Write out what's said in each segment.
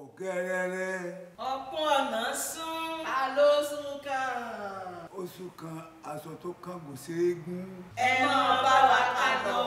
ọ̀gẹ́rẹ́rẹ́. ọ̀pọ̀ ọ̀nà sún. a ló sún kàn. ó sún kan aṣọ tó kángun séégún. ẹ máa bá wa ká lọ.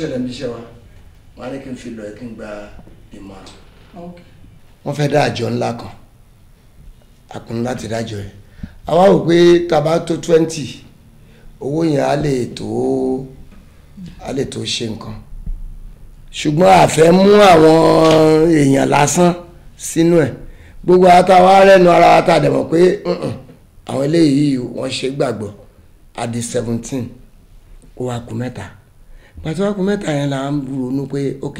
ṣẹlẹ̀ níbi iṣẹ́ wa wọn á ní kí n fi lọ kí n gba ìmọ̀ràn. wọ́n fẹ́ dá àjọ ńlá kan àkùnrin láti dájọ́ ẹ̀ àwa rò pé tá a bá tó twenty owó yẹn á lè tó á lè tó ṣe nǹkan ṣùgbọ́n àfẹ́ mú àwọn èèyàn lásán sínú ẹ̀ gbogbo àtàwọn arẹ́nu ara wa ta dẹ̀ mọ̀ pé àwọn eléyìí wọ́n ṣe gbàgbọ́ adi seventeen ó wá kù mẹ́ta pàtó àkùn mẹ́ta yẹn là ń ronú pé ok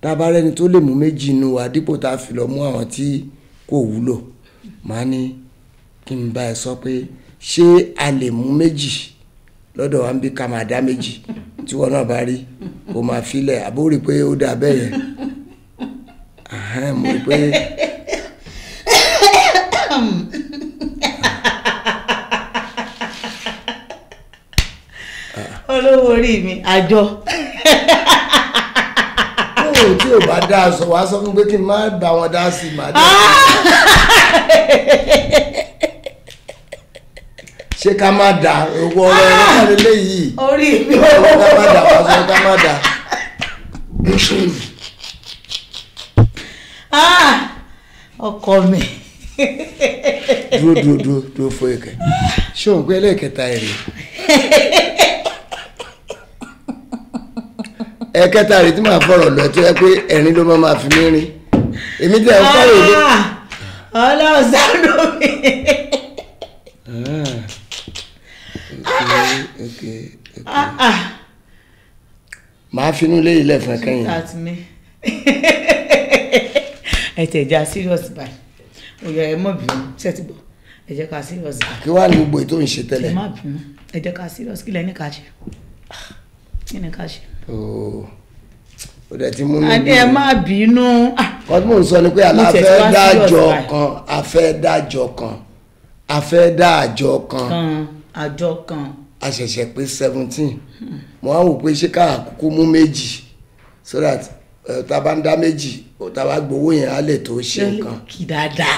tá a bá rẹ́ni tó lè mú méjì inú wa dípò tá a fi lọ mú àwọn tí kò wúlò màá ní kí n bá ẹ sọ pé ṣé a lè mú méjì lọ́dọ̀ wa ń bí ká máa dá méjì tí wọn náà bá rí kó máa filẹ̀ àbó pé ó dà bẹ́ẹ̀ yẹn mo pé. orí mi àjọ. bóò tí ò bá dá aṣọ wàá sọ fún pé kí n má bá wọn dá sí i má dá ṣé ká má dà owó ọ̀rọ̀ ẹ̀rọ náà lélẹ́yìí orí mi ò wọ́n ká má dà wàá sọ ká má dà. ọkọ mi. dúró dúró dúró fún ẹkẹ ṣé òun gbé ẹlẹ́kẹta ẹ̀ ẹ̀kẹta rèé tí màá fọ̀rọ̀ lọ tó yẹ pé ẹ̀rín ló máa fi mí rin èmi tẹ̀ ń fọ̀rọ̀ lé. ọlọ́run sánú mi. Ah, ah. màá finú lé ilẹ̀ fún kẹ́yìn. ẹ tẹ̀ já serious báyìí òyà ẹ mọ̀ bínú ṣẹ́tì gbọ́ ẹ jẹ́ ká serious báyìí. Ah, kí wàá ní gbogbo ètò ìṣe tẹ́lẹ̀. ẹ má bínú ẹ jẹ́ ká serious kí lẹ́ni ká ṣe kí ni ká ṣe ó dẹ̀ ti mú mi. adé ẹ má bínú. Ah, kọ́tí mò ń sọ ni pé àlàfẹ́ dájọ́ kan àfẹ́ dájọ́ kan àfẹ́ dájọ́ kan àjọ kan a ṣẹ̀ṣẹ̀ pé seventeen mo á wò pé ṣé ká àkókò mú méjì so that ta bá ń dá méjì ta bá gbowó yẹn á lè tó ṣe nǹkan. kì dáadáa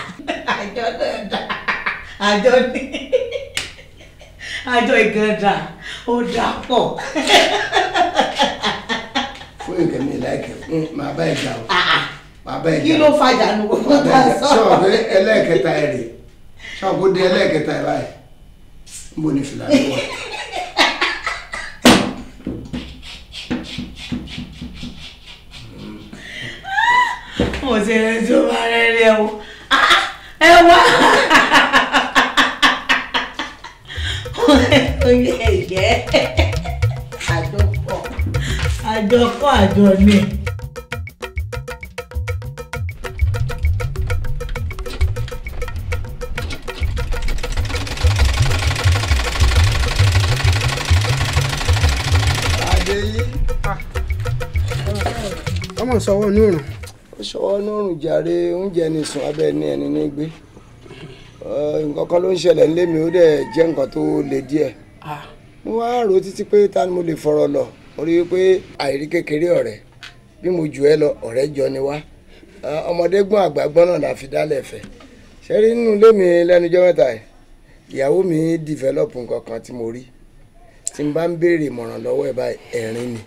àjọ àjọ ní àjọ ìgànnà ó dà pọ̀. fún nǹkan mi láìkẹ́ fún bá ìjà o màá bá ah, ah. ìjà o kí ló fàjà nu gbogbo ta sọ. sọ̀rọ̀ ẹlẹ́ẹ̀kẹta ẹ̀ rè sọ̀rọ̀ dé ẹlẹ́ẹ̀kẹta ẹ̀ báyìí n bò ní fìlà lọ́wọ́. mo ti rẹ̀ tó bá rẹ̀ rẹ̀ o ah, ẹ wá. onye ege àjọpọ̀ àjọpọ̀ àjọ ni. ọmọ sọwọ́ ní òrùn. ó sọwọ́ ní òrùn jàre oúnjẹ ní sùn abẹ́ ní ẹni ní gbé. Eh, nǹkan kan ló ń ṣẹlẹ̀ nílé mi ó dẹ̀ jẹ́ nǹkan tó le díẹ̀ ah. mo wá rò títí pé ta ni mo lè fọ̀rọ̀ lọ mo rí i pé àìrí kékeré ọ̀rẹ́ bí mo jù ẹ lọ ọ̀rẹ́ jọ ni wá eh, ọmọdé gbọ́n àgbà gbọ́n náà la fi dálẹ̀ fẹ́ ṣe rí nínú ilé mi lẹ́nujọ́ mẹ́ta yìí ìyàwó mi dìvẹ́lọ́pù nǹkan kan tí mo rí tí n bá ń béèrè ìmọ̀ràn lọ́wọ́ ẹ̀ báyìí ẹ̀rín ni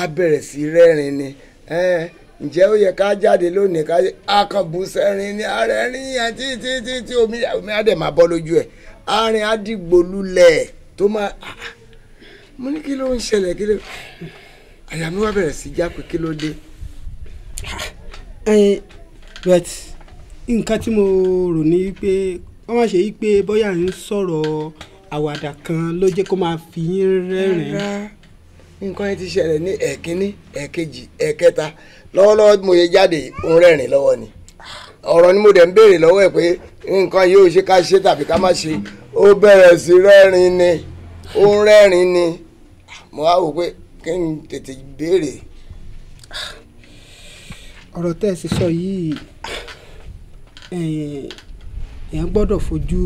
á bẹ̀rẹ̀ sí rẹ́rìn ni eh, ǹjẹ́ ó yẹ ká jáde lónìí ká akànbù sẹ́rin ní ààrẹ rìn yẹn títí títí omi omi á dẹ̀ máa bọ́ lójú ẹ̀ àárín àdìgbòlulẹ̀ tó máa ah, ah. mo ní kí ló ń ṣẹlẹ̀ kí ló àyà mi wá bẹ̀rẹ̀ sí já kí ló dé. Eh, but nǹkan tí mo rò ní pé wọ́n máa ṣe yí pé bóyá ń sọ̀rọ̀ àwàdà kan ló jẹ́ kó máa fi yín rẹ́rìn-ín. nǹkan yẹn ti ṣẹlẹ̀ ní ẹ̀kínní ẹ̀kejì ẹ̀kẹta lọ́wọ́lọ́wọ́ mo yẹ jáde òun rẹ́rìn lọ́wọ́ ni ọ̀rọ̀ ni mo dẹ̀ ń béèrè lọ́wọ́ ẹ̀ pé nǹkan yóò ṣe ká ṣe tàbí ká má ṣe ó bẹ̀rẹ̀ sí rẹ́rìn ni ó ń rẹ́rìn ni mo wá wò pé kí n tètè béèrè. ọ̀rọ̀ tẹ́ ẹ sì sọ yìí èèyàn gbọ́dọ̀ fojú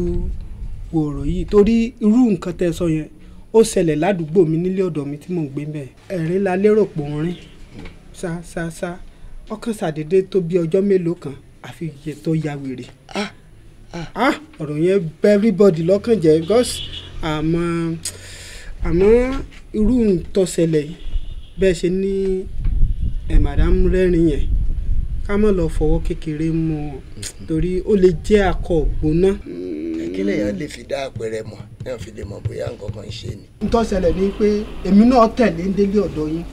wo ọ̀rọ̀ yìí torí irú nǹkan tẹ́ ẹ sọ yẹn ó ṣẹlẹ̀ ládùúgbò mi nílé ọ̀dọ̀ mi tí mò ń gbé bẹ́ẹ̀ ẹ̀rín la lérò pò ń rìn sá sá sá ọkàn ṣàdédé tó bí ọjọ́ mélòó kan àfi iye tó ya wèrè ah, ah. Ah, ọ̀rọ̀ yẹn bẹ́ everybody lọ́kàn jẹ́ because àmọ́ àmọ́ irú ntọ́sẹ̀lẹ̀ bẹ́ẹ̀ ṣe ní ẹ̀ madam rẹ́rìn yẹn ká má lọ fọwọ́ kékeré mú ọ torí ó lè jẹ́ akọ ògbóná. kí lèèyàn lè fi dá àpẹẹrẹ mọ̀ náà fi lè mọ̀ bóyá nǹkan kan ń ṣe ni. ntọ́sẹ̀lẹ̀ ni pé èmi náà tẹ̀lé délé ọ̀dọ̀ yín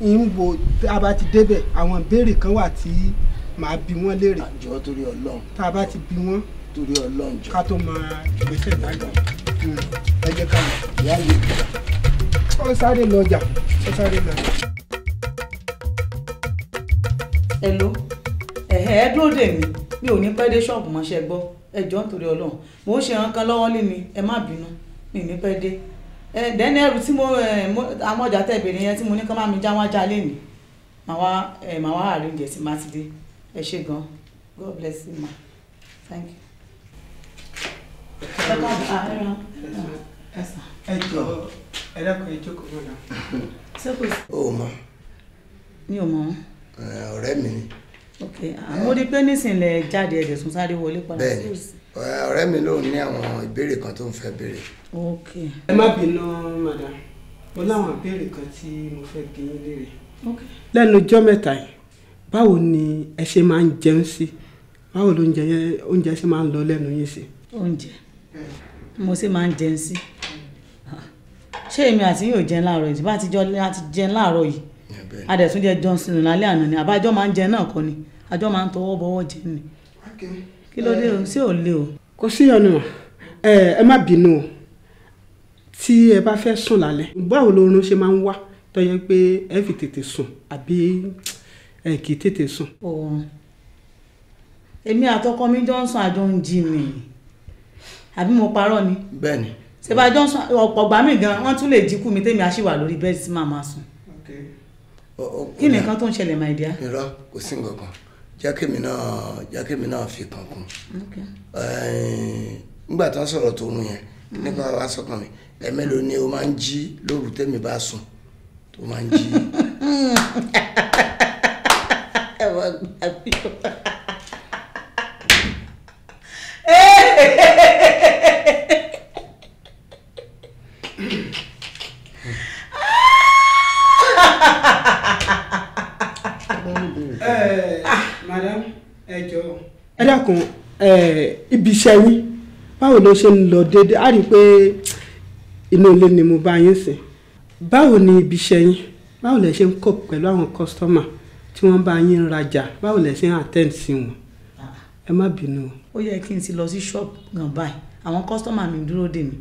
ń wo tá a bá ti débẹ̀ àwọn ìbéèrè kan wà tí màá bi wọ́n léèrè. àjọ torí Ọlọ́run. tá a bá ti bi wọ́n. torí Ọlọ́run jọ. ká tó máa gbèsè dájọ. ẹ jẹ́ ká lọ. ìyá yìí ó sáré lọ́jà ó sáré lọ́jà. hello ẹ̀hẹ́ ẹ dúró dè mí mi ò ní pẹ́ dé ṣọ́ọ̀bù mọ́ṣẹ́ gbọ́ ẹ jọ̀ọ́ nítorí Ọlọ́run mò ń ṣe ìrànkan lọ́wọ́ lé mi ẹ má bínú mi ò ní pẹ́ dé dẹ́ni eh, ẹrù tí mo eh, àwọn ọjà tẹ̀ bèrè yẹn tí mo ní kán bá mi já wọn já lẹ́nu màá wá eh, màá wá àríǹjẹ̀ sí má ẹ ṣé gan God bless you ma thank you. ẹ ah, ah, mi ò mọ. ọ̀rẹ́ mi ni. ok àwọn ah, mo pé nísìnyí lẹ jáde ẹ̀dẹ̀ sùn sáré wọlé padà sí òsì ọ̀rẹ́ mi ló ní àwọn ìbéèrè kan tó ń fẹ́ béèrè. ẹ má bínú madam mo láwọn ìbéèrè kan tí mo fẹ́ bí yín léèrè. lẹ́nu ọjọ́ mẹ́ta yìí báwo ni ẹ ṣe máa ń jẹun sí báwo ló oúnjẹ oúnjẹ ṣe máa ń lọ lẹ́nu yín sí. oúnjẹ mo ṣe máa ń jẹun sí ṣé èmi àti yóò jẹun láàárọ̀ yìí bá ti jọ láti jẹun láàárọ̀ yìí adẹ̀túnjẹ jọ sínú lálẹ́ àná ni àbájọ́ máa ń jẹun náà kọ́ ni àjọ máa ń tọwọ́ bọwọ́ jẹun ni kí ló dé o ṣé ò le o. kò sí ìyọnu ẹ ẹ má bínú o tí ẹ bá fẹ́ sùn lálẹ́ báwo lóorun ṣe máa ń wá tó yẹ pé ẹ fi tètè sùn àbí ẹ kì í tètè sùn. òun èmi àtọkọ mi jọ ń sùn àjọ ń jí ni àbí mo parọ́ ni. bẹ́ẹ̀ni. ṣèbá jọ ń sùn ọ̀pọ̀ ọ̀gbà mi gan wọ́n tún lè jí kú mi tèmi àṣìwà lórí bẹ́ẹ̀dì tí màá máa sùn. kí nìkan tó ń ṣẹlẹ̀ máa dìá. irọ́ kò sí nǹkan kan jákèmí náà jákèmí náà fi kankan nígbà tó ń sọ̀rọ̀ tó rún yẹn mm. nípa wa sọkàn mi ẹ̀mẹ́lòó ni o máa ń jí lóru tẹ́mi bá sùn tó máa ń jí. ẹ wọ́n gbà iṣẹ́ yín báwo ló ṣe ń lọ déédéé á rí i pé inú ilé ni mo bá yín sìn báwo ni ibi iṣẹ́ yín báwo lẹ ṣe ń kọ̀ pẹ̀lú àwọn kọ́sítọ́mà tí wọ́n bá yín rajà báwo lẹ ṣe ń attend sí wọn ẹ má bínú. ó yẹ kí n ti lọ sí ṣọ́ọ̀bù gan báyìí àwọn kọ́sítọ́mà mi dúró dè mí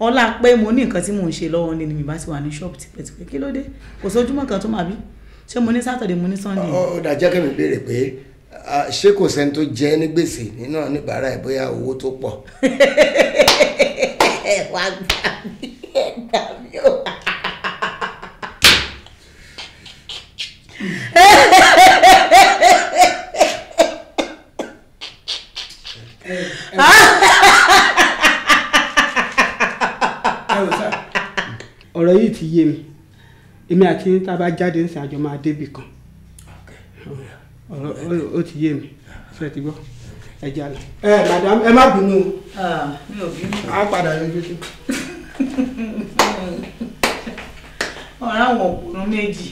ọlá pé mo ní nǹkan tí mò ń ṣe lọ́wọ́ ni mi bá ti wà ní ṣọ́ọ̀bù tipẹ́tipẹ́ kí ló dé kò sójúmọ́ kan tó máa bí ṣé mo ní sátọ̀dẹ̀ mo ní sànńdẹ̀. ó dà jẹ́ béèrè pé ṣé kò sẹ́ni tó jẹ́ ní gbèsè nínú oníbàárà ẹ̀ bóyá owó tó pọ̀. ẹ wá gbà mí ẹ gbà mí o. ọ̀rọ̀ yìí ti yé mi èmi àti tá a bá jáde ń sìn àjọ máa débì kan o ti yé mi ṣe ti gbọ́ ẹ jà lọ. ẹ madam ẹ má bínú o. mi ò bínú. a padà yọjú sí. ọ̀rọ̀ àwọn òkùnrin méjì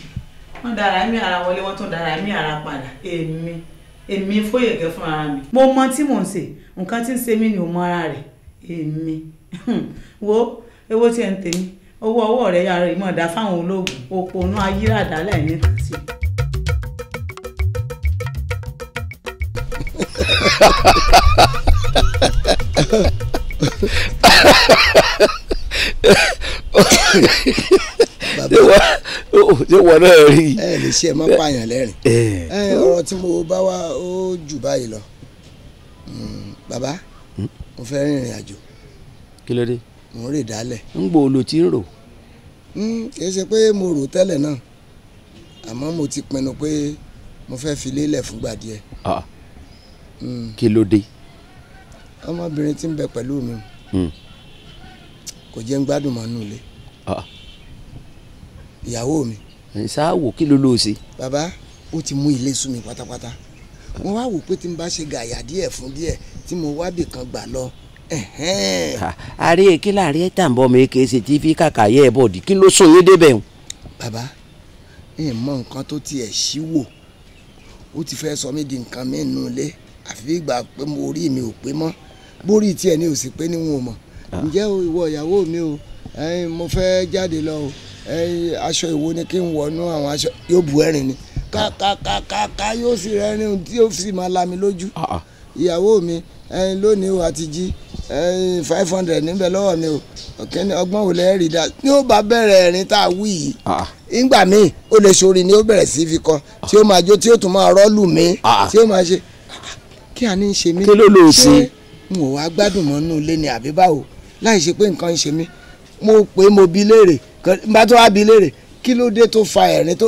wọ́n dára mí ara wọlé wọ́n tún dára mí ara padà èmi èmi Foyeke fún ara mi. mo mọ tí mò ń ṣe nǹkan tí ń ṣe mí ni ò mọ ara rẹ̀ èmi wo ewo tí ẹ ń tèmi owó ọwọ́ rẹ̀ yàrá ìmọ̀ ọ̀dà fáwọn ológun òpònú ayíràdá lẹ́yìn tí. ṣé wọn náà rí i. ẹ lè ṣe ẹ má pààyàn lẹ́rìn. ẹ ọ̀rọ̀ tí mo bá wá ó jù báyìí lọ. Hmm, bàbá hmm? mo fẹ́ rìnrìn àjò. kí ló dé. mo ń rè dálẹ̀. ń gbò ó lo tí ń rò. Hmm, kìí ṣe pé mo rò tẹ́lẹ̀ náà àmọ́ mo ti pinnu pé mo fẹ́ fi lélẹ̀ fúngbà díẹ̀ kí ló dé. ọmọbìnrin tí ń bẹ pẹ̀lú mi hmm. kò jẹ́ ń gbádùn mọ́ nù lé ah. ìyàwó mi. ṣáàwò kí ló ló ṣe. bàbá ó ti mú ilé sú mi pátápátá mo wá wò pé tí n bá ṣe gàyà díẹ̀ fún díẹ̀ tí mo wá bìkan gbà lọ àrí èké láàrin ẹ̀ tàn bọ́ mi kì í ṣe tí fi kàkà yẹ ẹ̀ bọ̀dì kí ló sún yín débẹ̀ o. bàbá ẹ mọ nǹkan tó tiẹ̀ ṣíwò ó ti fẹ́ sọ mí di nǹkan mi nù lé àfi bí ìgbà pé mo rí mi ò pé mọ́ bórí tiẹ̀ ni ò sì pé ni wọn ò mọ̀ ah. ǹjẹ́ ìwọ ìyàwó mi o mo fẹ́ jáde lọ o aṣọ ìwo ni kí n wọnú àwọn aṣọ yóò bu ẹ̀rín ni kàkàkàkà ah. yóò sì rẹ́rìn tí yóò sì máa la mi lójú ah, ìyàwó mi lónìí o àti jí five hundred níbẹ̀ lọ́wọ́ mi o ọ̀kẹ́ni ọgbọ́n ò lẹ́ẹ̀rì dá ní ó bá bẹ̀rẹ̀ ẹ̀rín tá a wí yìí nígbà míì ó lè ṣorin ni ó bẹ̀rẹ̀ sí fi kọ tí ó máa jó tí ó tún máa rọ́ọ̀lù mi tí ó máa ṣe kí a ní í ṣe mí. kí ló lò ó ṣe. n ò wá gbádùn mọ́ nínú ilé ni àbí báwo láì ṣe pé nǹkan ń ṣe mí mo pé mo bi léèrè bá tó wá bi léèrè kí ló dé tó fa ẹ̀rín tó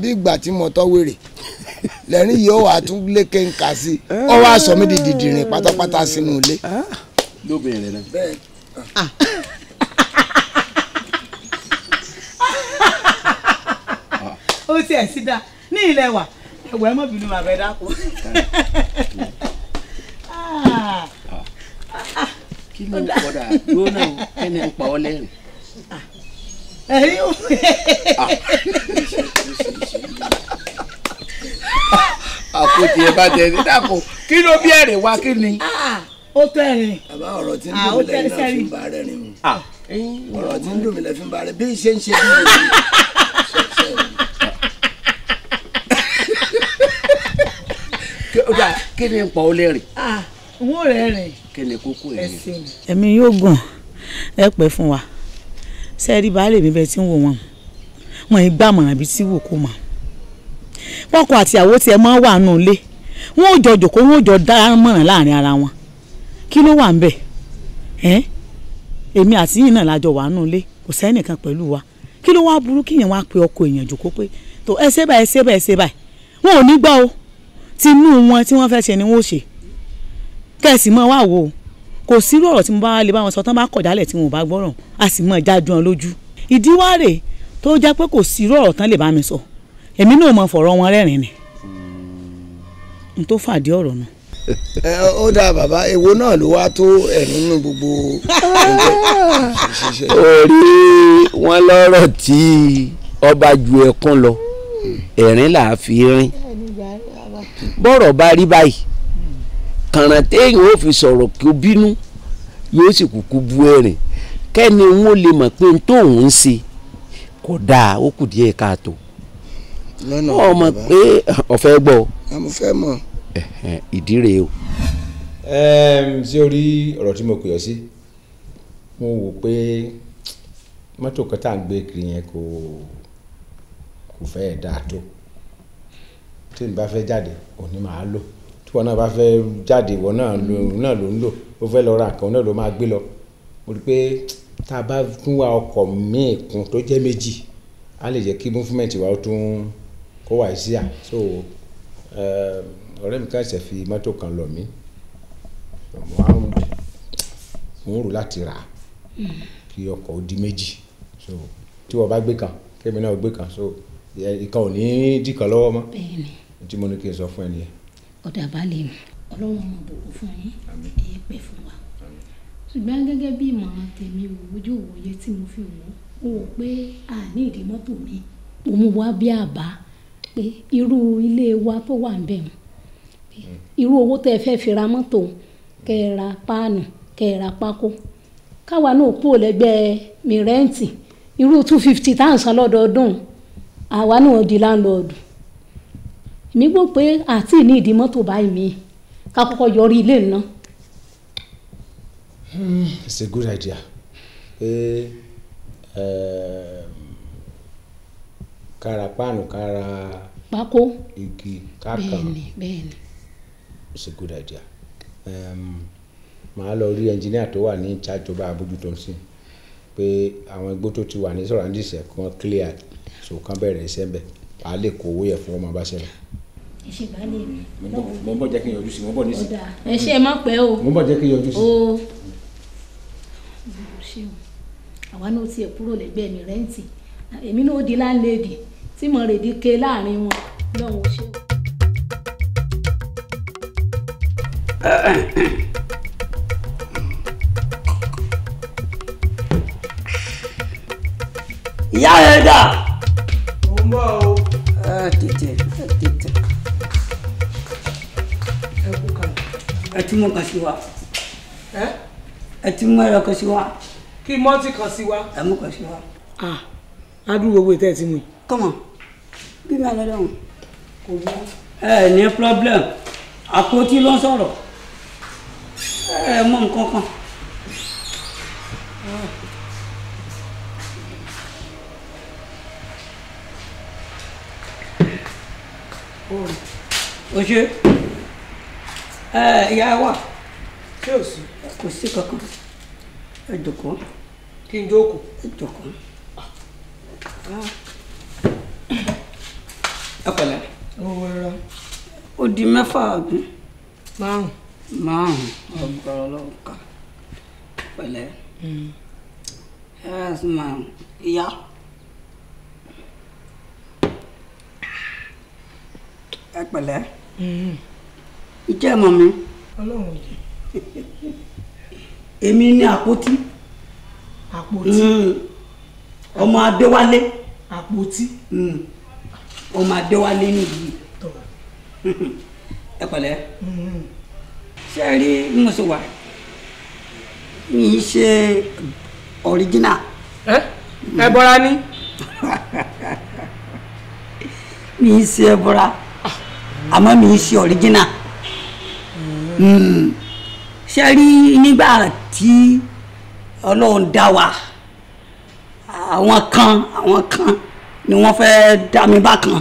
bí ìgbà tí mo tọ́ wèrè lẹ́rìn yìí ó wà á tún lé kéńkà sí i ó wá sọ mí di dìdìrín pátápátá sínú ilé. lóbìnrin náà. bẹ́ẹ̀ ah. ó tiẹ̀ sí dáa ní ilẹ̀ wa ẹ̀wọ̀n ẹ má bínú bàbá ẹ dákun. Ah. kí ló ń kọ́dà gbóná ẹni ń pa ọ́ lẹ́rìn. Ah. ẹ̀yin ò ah. àpótí ẹ bá tẹ̀lé dàpọ̀ kí ló bí ẹ̀rìn wá kí ni. ó tẹ̀rìn. bàbá ọ̀rọ̀ tí ń dùn mí lẹ́yìn náà fi ń bá rẹ̀ rìn o ọ̀rọ̀ tí ń dùn mí lẹ́yìn fi ń bá rẹ̀ bí iṣẹ́ ń ṣe bí ìròyìn. kí ni n pa ó lẹ́rìn. n ó rẹ́rìn. kí ni kókó ẹ̀ ní. ẹ̀mí yóò gùn ẹ pẹ́ fún wa sẹ́ẹ̀rí baálé mi bẹ́ẹ̀ tí ń wò wọ́n wọ́n yìí gbàmọ̀ràn bíi tí wò kó mọ̀ pọ́kọ àtìyàwó tiẹ̀ máa wà nù ilé wọn ò jọ jòkó wọn ò jọ dára mọ̀ràn láàrin ara wọn kí ló wà ń bẹ̀ ẹ́ èmi àti yìí náà lájọ wà nù ilé kò sẹ́nìkan pẹ̀lú wa kí ló wá burú kíyàn wá pe ọkọ èèyàn jòkó pé tó ẹ báyìí ẹ báyìí ẹ báyìí wọn ò ní gbọ́ o tinú wọn tí wọ́n fẹ́ ṣe ni wọ́n ṣe kẹ̀sì mọ́ wà wò kò sírú ọ̀rọ̀ tí mo bá lè bá wọn sọ tán bá kọ̀ jálẹ̀ tí wọn ò bá gbọ́ràn a sì mọ̀ jáde wọn lójú ìdí wá rèé tó jẹ́ pé kò sírú ọ̀rọ̀ tán lè bá mi sọ èmi náà mọ̀ fọ̀rọ̀ wọn rẹ́rìn ni n tó fàdí ọ̀rọ̀ náà. ẹ ó dáa bàbá èwo náà ló wá tó ẹ nínú gbogbo ṣiṣẹ́. orí wọn lọ́rọ̀ tí ọba ju ẹkún lọ ẹ̀rín là á fi rín bọ́rọ̀ bá rí báyìí kàràn téèyàn ó fi sọ̀rọ̀ kó bínú yóò sì kúkú bu ẹ̀rìn kẹ́ni wọn lè mọ̀ pé tóun ń ṣe kò dáa ó kù díẹ̀ káàtó pé ọ̀fẹ́ gbọ́ ìdí o. ṣé o rí ọ̀rọ̀ tí mo pè ọ́ sí mo wò pé mọ́tò kan tá kiri yẹn kò kò tó. tí n bá fẹ́ jáde òní màá lò tí wọn náà bá fẹ́ jáde ìwọ náà náà ló ń lò ó fẹ́ lọ ra nǹkan náà ló máa gbé lọ mo rí i pé tá a bá tún wa ọkọ̀ míì kún tó jẹ́ méjì á lè jẹ́ kí movement wa ó tún kó wà sí à so eh, ọ̀rẹ́ mi kan ṣẹ̀ fi mọ́tò kan lọ mí mo ń rò láti rà kí ọkọ̀ ó di méjì so tí wọ́n bá gbé kan kémi náà gbé kan so ìkan ò ní dìkan lọ́wọ́ mọ́. bẹ́ẹ̀ni tí mo ní kí n sọ fún ẹ nìyẹn. ọ̀dà balẹ̀ mi ọlọ́run ọmọ bòkó fún yín ẹ pẹ́ fún wa ṣùgbọ́n gẹ́gẹ́ bí ìmọ̀ràn tèmi ojú òwòye tí mo fi wò ó wò pé a ìdí mọ́tò mi òun wá bí àbá pé irú ilé wa tó wà ń bẹ̀ wọn hmm. irú owó tẹ́ ẹ fẹ́ fi ra mọ́tò kẹ́ ẹ ra páànù kẹ́ pákó káwa náà kúrò lẹ́gbẹ̀ẹ́ mi rẹ́ǹtì irú two fifty thousand à ń san lọ́dọọdún àwa náà di láńlọ́ọ̀dù nígbò pé àti ní ìdí mọ́tò báyìí mi ká kọ́kọ́ yọrí ilé ńlá. Hmm, it's a good idea pé ehm, kára páànù kára pákó igi kákan bẹ́ẹ̀ni it's a good idea ehm, màá lọ rí ẹnjìníà tó wà ní ìjàjọba àbójútó sí pé àwọn igbó tó ti wà ní sọ̀rọ̀ àǹdíṣẹ́ kan clear so kan bẹ̀rẹ̀ iṣẹ́ bẹ̀ a lè kó owó yẹ fún ọmọ bá ṣẹlẹ̀ ẹ ṣe mo ń bọ̀ kí n yọjú sí mo ń bọ̀ ẹ ṣe ẹ má pẹ́ o. mo ń bọ̀ kí n yọjú sí. àwa náà tiẹ̀ kúrò lẹ́gbẹ̀ẹ́ mi rẹ́ǹtì èmi náà di láńlẹ́ẹ̀dì tí mo rèdí ke láàrin wọn lọ́wọ́ ṣeun. ìyá rẹ̀ dà. mo ń bọ̀ o. tètè. ẹtúmọ̀ kan sí wa. ẹtúmọ̀ ẹ̀rọ kan sí wa. kí mọ́tì kan sí wa. ẹ̀mú kan sí wa. adúgbò owó ìtẹ́ ẹ̀ ti mú yìí. kọ́mọ bí mi àlọ́ dọ̀hún. kò wú. ẹ ní problem àpótí ló ń sọ̀rọ̀ ẹ mọ nǹkan kan. o ṣe. ya wa ṣé o sí. kò sí kankan ẹ jókòó. kí n di mẹ́fà ọdún. márùn. márùn ọgbọ̀rọ̀ lọ́ọ̀ka hmm. yes ma ìyá. ẹ hmm ìjẹ́ mọ̀ mi. emi èmi ni àpótí. àpótí. Hmm. ọmọ adéwálé. àpótí. Hmm. ọmọ adéwálé nìyí. ẹ pẹ̀lẹ́. Hmm. ṣé ẹ rí mi ṣe ọ̀ríjínà. ẹ ẹ bọ́ra ní. mi ń ṣe ẹ bọ́ra ah. àmọ́ mi ń ṣe ọ̀ríjínà. ṣe rí nígbà tí ọlọ́run dá wa àwọn kan àwọn kan ni wọ́n fẹ́ dá mi bákan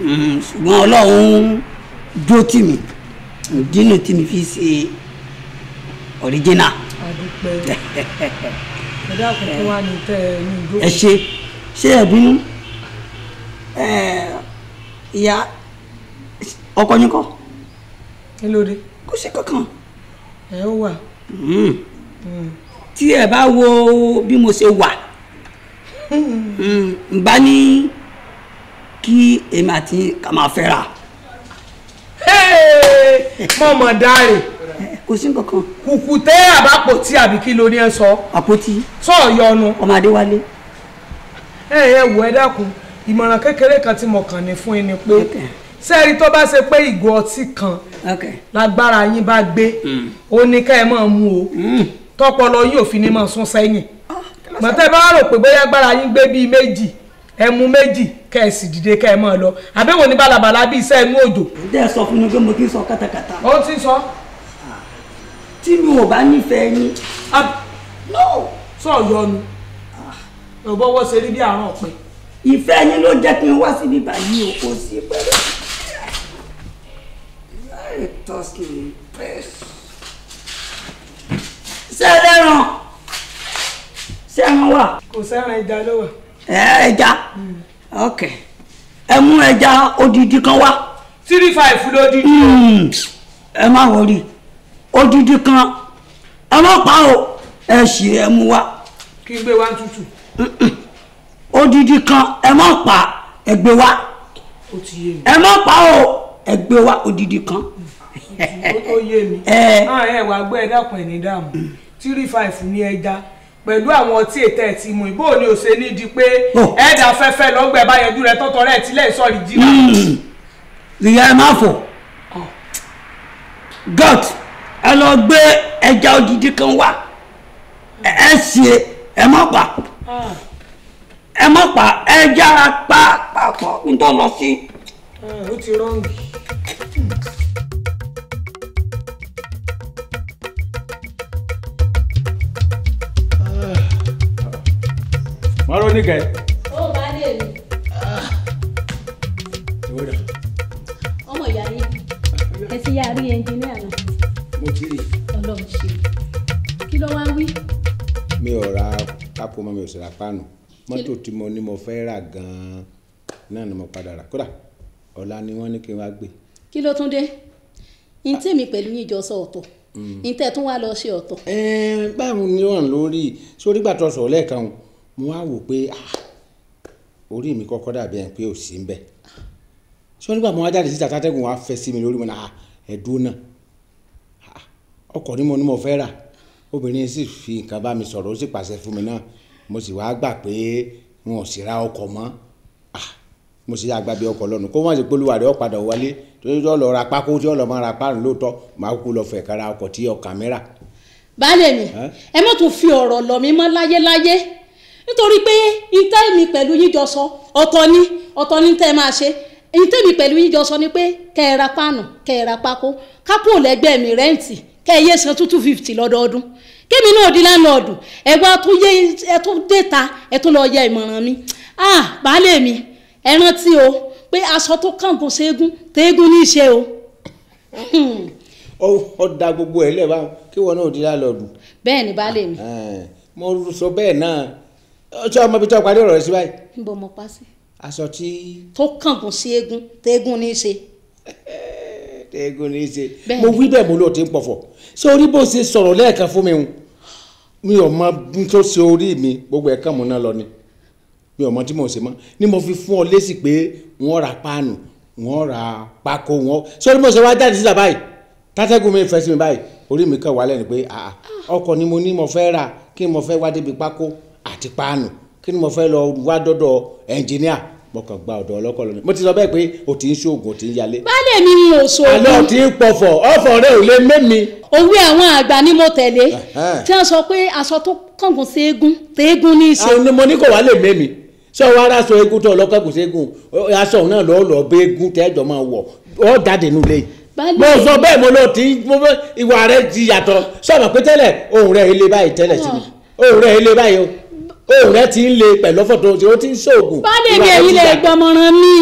hmm, ṣùgbọ́n ọlọ́run dó tì mí dínú tí mi fi ṣe original. ẹ ṣe ṣé ẹ bínú ìyá ọkọ yín kọ́. kí ló dé kò sí kankan. ẹ ó wà. Hmm. Hmm. tí ẹ bá wo bí mo ṣe wà n bá ní kí èmi àti ká máa fẹ́ra. mo mọ̀ dáre. kò sí kankan. kùkùté àbápòtí àbí kí ló ní ẹ sọ. àpótí. sọ ọyọnu. ọmọ adéwálé. ẹ ẹ wò ẹ dákun ìmọ̀ràn kékeré kan tí mo kàn ní fún yín ni pé. Okay sẹ́ẹ̀rí tó bá ṣe pé ìgò ọtí kan lágbára yín bá gbé hmm. ó ní ká ẹ máa mú o hmm. tọpọlọ yín ò fi ní máa sún sẹ́yìn mọ̀tẹ́ ah, bá rò pé bóyá agbára yín gbé bíi méjì ẹ mú méjì kẹ́ ẹ sì dìde kẹ́ ẹ máa lọ àbẹ̀wò ní balabala bíi iṣẹ́ inú òjò. ǹjẹ́ ẹ sọ fún mi pé mo ti sọ kátàkátà. ó ti sọ. tí mi ò bá nífẹ̀ẹ́ yín. sọ yọnu ọ̀bọ̀wọ́ ah. ṣe rí bí àárọ̀ pẹ́. ìfẹ́ yín ló jẹ́ kí n wá síbí báyìí o kò sí pẹ́rẹ́. Turkey press. ṣé ẹlẹ́ran ṣé ẹran wà. kò sẹ́ran ẹja ló wà. ẹja ok ẹ mú ẹja odidi kan wá. three five ló di. Hmm. ẹ má wọrí odidi kan ọlọ́pàá o ẹ ṣì ẹ mú wá. kí n gbé wá tútù. odidi kan ẹ má pa ẹ gbé wá. ó ti yé mi. ẹ má pa o ẹ gbé wá odidi kan ìdúró tó yé mi eh. ah, ẹ wà gbọ́ ẹ dákun ẹ̀ ní dààmú tírí fàìfù ní ẹja pẹ̀lú àwọn ọtí ètò ẹ̀ ti mú ìbò ni ò ṣe ní di pé oh. ẹ̀dà fẹ́fẹ́ lọ́gbẹ̀ẹ́ bá yẹjú rẹ tọ́tọ́ rẹ̀ tílẹ̀ sọ̀rí jìnnà. Hmm. ìyá ẹ má fọ oh. god ẹ lọ gbé ẹja odidi kan wá ẹ ṣe ẹ má pa ah. ẹ má pa ẹja pa papọ̀ ń tọ́ lọ sí. Ah, ó ti rọ́ǹgì. maro ní kẹ. ó bá dé mi. ìwé rẹ. ọmọ ìyá yín ẹ ti yá rí ẹnjìníà náà. mo ti rí. Ọlọ́run ṣe kí ló wá wí. mi ò ra kápò mọ́ mi ò sì ra páànù mọ́tò tí mo ní mo fẹ́ rà gan-an náà ni mo padà rà kódà ọ̀la ni wọ́n ní kí n wá gbé. kí ló tún dé n tèmi pẹ̀lú yín jọ sọ ọ̀tọ̀ mm. n tẹ̀ tún wá lọ ṣe ọ̀tọ̀. báwo ni wọn lórí sórí gbàtọ sọ lẹ́ẹ̀kan o mo wá wò pé ah, orí mi kọ́kọ́ dàbí ẹni pé ò sí ń bẹ̀ ṣé wọ́n nígbà mo wá jáde síta tátẹ́gùn wá fẹ́ sí mi lórí mo ah, náà ẹ̀dùn ah, náà ọkọ̀ ni mo ní mo fẹ́ rà obìnrin sì fi nǹkan bá mi sọ̀rọ̀ ó sì pàṣẹ fún mi náà mo sì wá gbà pé wọn ò sì ra ọkọ̀ mọ́ mo sì yá agbábí ọkọ̀ lọ́nu kó wọ́n sì pé olúwarẹ̀ ọ̀ padà wọlé torí yóò lọ ra pákó tí yóò lọ máa ra páàrùn lóòótọ́ màá kú lọ fẹ̀ka ra ọkọ̀ tí ọkàn mi rà. baálé mi ẹ má tún fi ọ̀rọ̀ lọ mi mọ́ láyéláyé nítorí pé ìtẹ́ mi pẹ̀lú yín jọ sọ ọ̀tọ̀ ni ọ̀tọ̀ ni tẹ́ ẹ máa ṣe ìtẹ́ mi pẹ̀lú yín jọ sọ ni pé kẹ́ ẹ ra páànù kẹ́ ẹ ra pákó kápò lẹ́gbẹ́ mi rẹ́ǹtì kẹ́ ẹ yé san two two fifty lọ́dọọdún kémi náà di láńlọ́ọ̀dù ẹ wá tún yé ẹ tún déta ẹ lọ yẹ ìmọ̀ràn mi ah baálé mi ẹ rántí o pé aṣọ tó kàǹgùn ségun téégún ní í o. ó da gbogbo ẹ̀ lẹ́ẹ̀ bá kí wọn náà di láńlọ́ọ̀dù. bẹ́ẹ̀ ni baálé mi. mo sọ bẹ́ẹ̀ náà ṣé ọmọ ibi tí wọ́n parí ọ̀rọ̀ rẹ sí báyìí. ń bọ ọmọ pa sí. aṣọ tí. tó kàngùn sí eégún téégún ní í ṣe. téégún ní í ṣe mo wí bẹ́ẹ̀ mo lò tí ń pọ̀fọ̀ ṣé orí bó ṣe sọ̀rọ̀ lẹ́ẹ̀kan fún mi mi ò mọ tó ṣe orí mi gbogbo ẹ̀ kàn mọ́ náà lọ ni mi ò mọ tí mò ń ṣe mọ́ ni mo fi fún ọ lésì pé wọ́n ra páànù wọ́n ra pákó wọ́n ṣé orí mo ṣe wá jáde síta báyìí tátẹ́gùn mi fẹ́ sí mi báyìí orí mi kàn wálẹ̀ ni pé ọkọ̀ ni mo ní mo fẹ́ rà kí mo fẹ́ wá débi pákó àti páànù kí ni mo fẹ́ lọ wá dọ́dọ̀ ẹnjìníà mo kàn gba ọ̀dọ̀ ọlọ́kọ̀ lónìí mo ti sọ bẹ́ẹ̀ pé o ti ń ṣoògùn o ti ń yalé. baálé mi ni òṣò mi. àlọ́ ti ń pọ̀fọ̀ ọ̀fọ̀ rẹ̀ ò lè mé mi. òwe àwọn àgbà ni mo tẹ̀lé tí wọ́n sọ pé aṣọ tó kàngùn sí eégún téégún ní í ṣe. àwọn ọmọ ní kò wá lè mé mi sọ wa ara sọ eégún tó ọlọ́kọ̀gùn sí eégún aṣọ náà lọ́ọ́ lọ́ọ́ bẹ́ eégún tẹ́jọ́ máa wọ̀ ọ́ jáde nílé yìí mo sọ bẹ́ẹ̀ mo lọ tí ìwà rẹ ti yàtọ̀ sọ̀rọ̀ pé tẹ́lẹ̀ ohùn rẹ̀ ilé báyìí tẹ́lẹ̀ sí mi ohùn rẹ̀ ilé báyìí o òun rẹ ti ń le pẹ̀lú ọ̀fọ̀tò tí ó ti ń ṣoògùn. bọ́dẹ̀ mi èyí lè gbọmọràn mi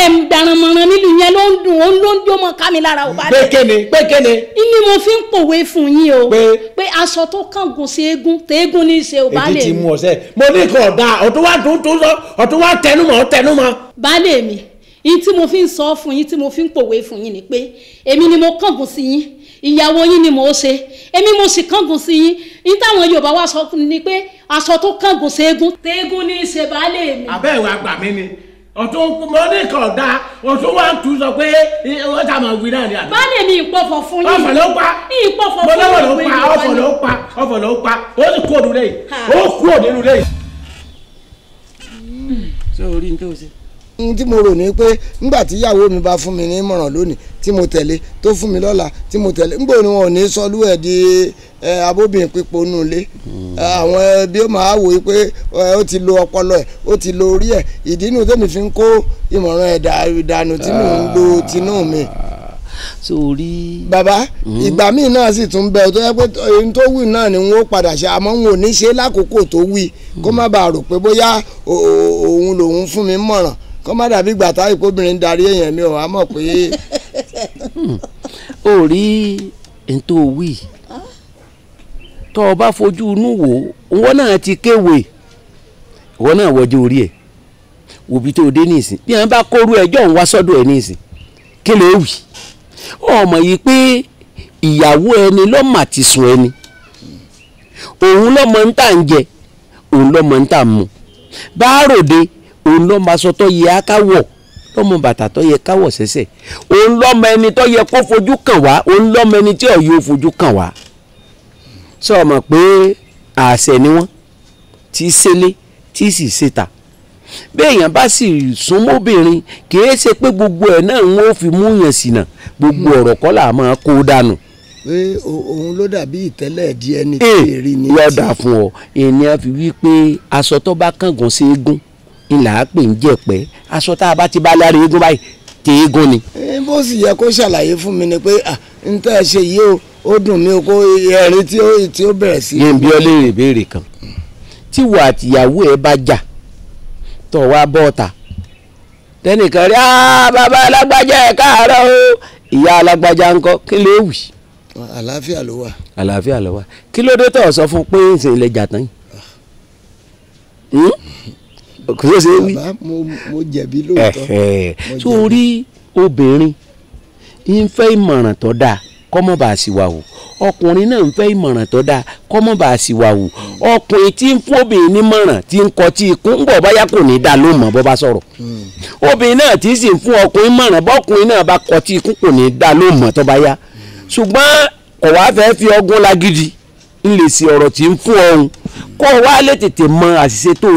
ẹ̀ ń dàrànmọ̀ràn nílùú yẹn ló ń dùn ó ló ń dómọ ká mi lára ò bá dẹ̀. pé kéne pé kéne. ni mo fi ń pòwe fún yín o pé aṣọ tó kángun sí eégún téégún ní í ṣe ò bá lè. èyí ti mú ọ sẹ mo ní kò dáa ọtún wá tún tún sọ ọtún wá tẹnumọ́ ọtẹnumọ́. baálé mi yín tí mo fi ń sọ fún yín tí mo fi ń pòwe fún yín ni pé èmi ni mo kángun sí yín ìyàwó yín ni mò ń ṣe èmi mo sì kángun sí yín ní táwọn Yorùbá wa sọ fún mi ni pé aṣọ tó kángun sí eégún. téégún ní í ṣe baálé mi. abẹ́ ìwà àgbà mi ni ọ̀tún mo ní kàn dá ọ̀tún wa ń tù sọ pé wọ́n ta mọ̀ wí náà ni àná. baálé mi ìpọ̀fọ̀ fún yín. ọ̀fọ̀ ló pa ìpọ̀fọ̀ fún yín. ọ̀fọ̀ ló pa ọ̀fọ̀ ló pa ó sì kú òdúlé yìí ó kú òdúlé yìí. sọ orí ní tó ṣe n tí mo rò ní pé nígbà tí ìyàwó mi bá fún mi ní ìmọ̀ràn lónìí tí mo tẹ̀lé tó fún mi lọ́la tí mo tẹ̀lé nbò ni wọn ò ní sọlú ẹ̀ di abóbìnrin pípo nù lé àwọn ẹbí ó máa wò pé ó ti lo ọpọlọ ẹ̀ ó ti lo orí ẹ̀ ìdí inú tèmi fi ń kó ìmọ̀ràn ẹ̀ dànù tí mò ń lo tinú mi sórí. bàbá hmm. ìgbà míì náà sì tún bẹ tó yẹ pé ohun tó wù náà ni wọn ó padà ṣe àmọ́ wọn ò ní ṣe lákòókò tó wí kó hmm. má bàa rò pé bóyá òun lòun fún mi mọ̀ràn kọ́ má dàbí ìgbà táwọn ìkóbìnrin darí èèyàn mi ò wá mọ̀ pé. o rí n tó wí tó o bá fojú inú wò wọn náà ti kéwè wọn náà wọjú orí ẹ òbí tó o dé nísìn bí wọn bá kóru ẹjọ́ ń wá sọ́dọ̀ ẹ nísìn kí ló wì ọmọ yìí pé ìyàwó ẹni lọ́mà ti sùn ẹni òun lọ́mọ ń tà ń jẹ òun lọ́mọ ń tà ń mu bá a ròde òun lọ́mọ aṣọ tó yẹ á káwọ̀ lọ́mọ bàtà tó yẹ káwọ̀ sẹ́sẹ̀ òun lọ́mọ ẹni tó yẹ kó fojú kàn wá òun lọ́mọ ẹni tí ò yóò fojú kàn wá sọ ọ mọ̀ pé àṣẹ ni wọ́n ti ṣẹlẹ̀ tí sì ṣètà béèyàn bá sì súnmọ́ obìnrin kì í ṣe pé gbogbo ẹ̀ náà ń ó fi mú yàn sínà gbogbo ọ̀rọ̀ kọ́ là máa kó dànù. pé òun ló dàbí ìtẹ́lẹ̀ díẹ̀ ní eh, kí èrè ní tí. yọ̀dà fún ọ ènìyàn fi wí pé aṣọ tó bá kángun ṣe é gún ìlà àpè ń jẹ̀pẹ́ aṣọ tá a bá ti bá lára eégún báyìí tí eégún ni. bó sì yẹ kó ṣàlàyé fún mi ni pé n tẹ́ ẹ ṣe yìí o ó dùn mí o kó ẹ̀rín tí ó bẹ̀rẹ̀ sí. yẹn bí ọlẹ́rìn ìbéèrè kan tí wà àtìyàwó ẹ bá jà tó wá bọ́ọ̀tà tẹnìkan rí bàbá alágbájá ẹ káàárọ̀ o ìyá alágbájá ńkọ́ kí ló wì. àlàáfíà ló wà. àlàáfíà ló wà kí ló dé tó sọ fún pé ń sìn ilẹ̀ jà tán yìí. Hmm? kò sí so obìnrin ń fẹ́ ìmọ̀ràn tó dáa kọ́mọ́ bá a sì wà wò ọkùnrin náà ń fẹ́ ìmọ̀ràn tó dáa kọ́mọ́ bá a sì wà wò ọkùnrin tí ń fún obìnrin nímọ̀ràn tí ń kọ́ tí ikú ń bọ̀ báyà kò ní í dá bọ́ bá sọ̀rọ̀ hmm. obìnrin náà tí sì ń fún ọkùnrin mọ̀ràn bọ́kùnrin náà bá kọ́ tí mọ àṣìṣe tó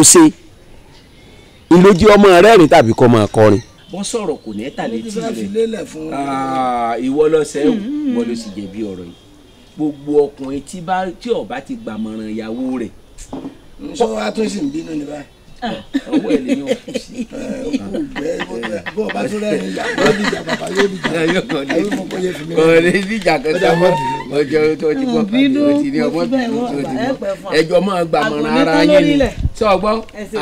ìlójú ọmọ rẹ rìn tàbí kọ́ máa kọrin. wọ́n sọ̀rọ̀ kò ní ẹ̀ta létí rẹ̀ ah, ìwọ lọ́sẹ̀ hmm. wọ́n ló sì jẹ̀bi ọ̀rọ̀ yìí gbogbo ọkùnrin tí ọba ti gbàmọ̀ràn ìyàwó rẹ̀. sọ wa ń bínú ní báyìí ẹjọ́ eh, máa gbàmọ̀ràn ara yín ni sọ gbọ́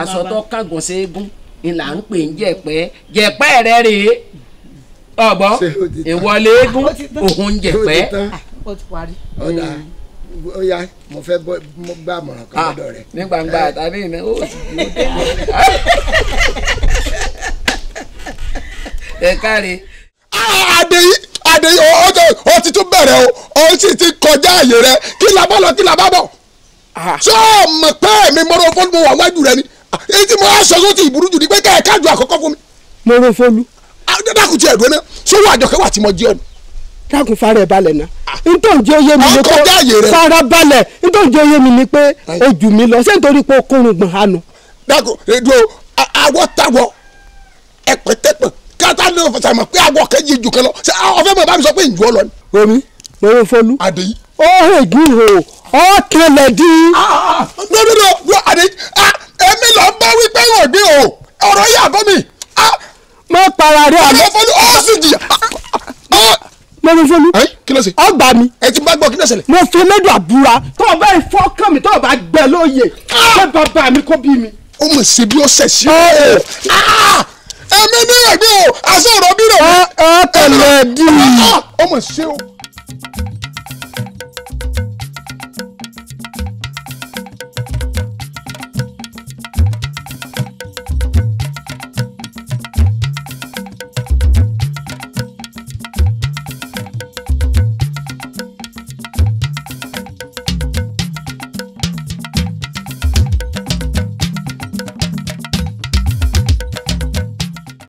aṣọ tó kángun sí eégún ni là ń pè ń jẹ̀pẹ́ jẹ̀pẹ́ rẹ rèé ọ̀gbọ́ ìwọlé eégún òun jẹ̀pẹ́. ọ̀dà hmm. ó yá mo fẹ́ gbà àmọ̀ràn kan ah, lọ́dọ̀ rẹ̀. ní gbangba àtàrí eh. iná ó sì dúró. ẹ káre. àdéhìí ah, àdéhìí ó ti tún bẹ̀rẹ̀ o ó sì ti kọjá àyè rẹ kí la bá lọ kí la bá bọ̀. Ah. ṣé o mọ̀ pé èmi mọ́rọ́fọ́lù mo wà wájú rẹ ni ah, èyí tí mo á sọ sóti ìburú jù ni pé kẹ́ ẹ̀ kájú àkọ́kọ́ fún mi. mọ́rọ́fọ́lù. Ah, dákun ti ẹ̀dùn náà sówó àjọkẹ́ wà tí mo jẹ́ ọ̀nà. dákun fara ẹ̀ balẹ̀ náà nítorí jẹ́ oyé mi ni pé fara balẹ̀ nítorí jẹ́ oyé mi ni pé ojú mi lọ ṣé nítorí pé okòrùn gbọ̀n hànú. dákun èdè àwọ̀ táwọ̀ ẹ̀pẹ̀tẹ̀pẹ̀ kátà ló sàmọ̀ pé àwọ̀ kẹ́yìn jù kan lọ ọ̀fẹ́ mọ̀ bá mi sọ pé ìjù ọ lọ ni. omi mọ́rọ́fọ́lù. àdéhìí. ó hẹ̀ gí hò ọ̀kẹ́lẹ̀ dín. lọ́dọ̀dọ̀ wọ àdé ẹ̀mí lọ bá wípé wọ̀ gbé o ọ̀rọ̀ yà bọ́ mi. Ah. má para rẹ àlọ́. ọlọ́fọ́lù ó sì jìyà. lọ́dọ̀ fọ́lù ọgbà mi. ẹ ti bá gbọ́ kí ló ṣẹlẹ̀. mo fi lẹ́dọ̀ àbúra tó o bá fọ́kàn mi tó o bá gbẹ lóye ah. ṣé bàbá mi kó bí mi. ó mọ̀ ṣe bí ó ṣẹ̀ sí o. ẹ̀mí ah. ní ẹ̀gbẹ́ o àṣọ ọ̀rọ̀ bí rẹ̀. ọ̀kẹ́lẹ̀ dín. ó mọ̀ ṣe o.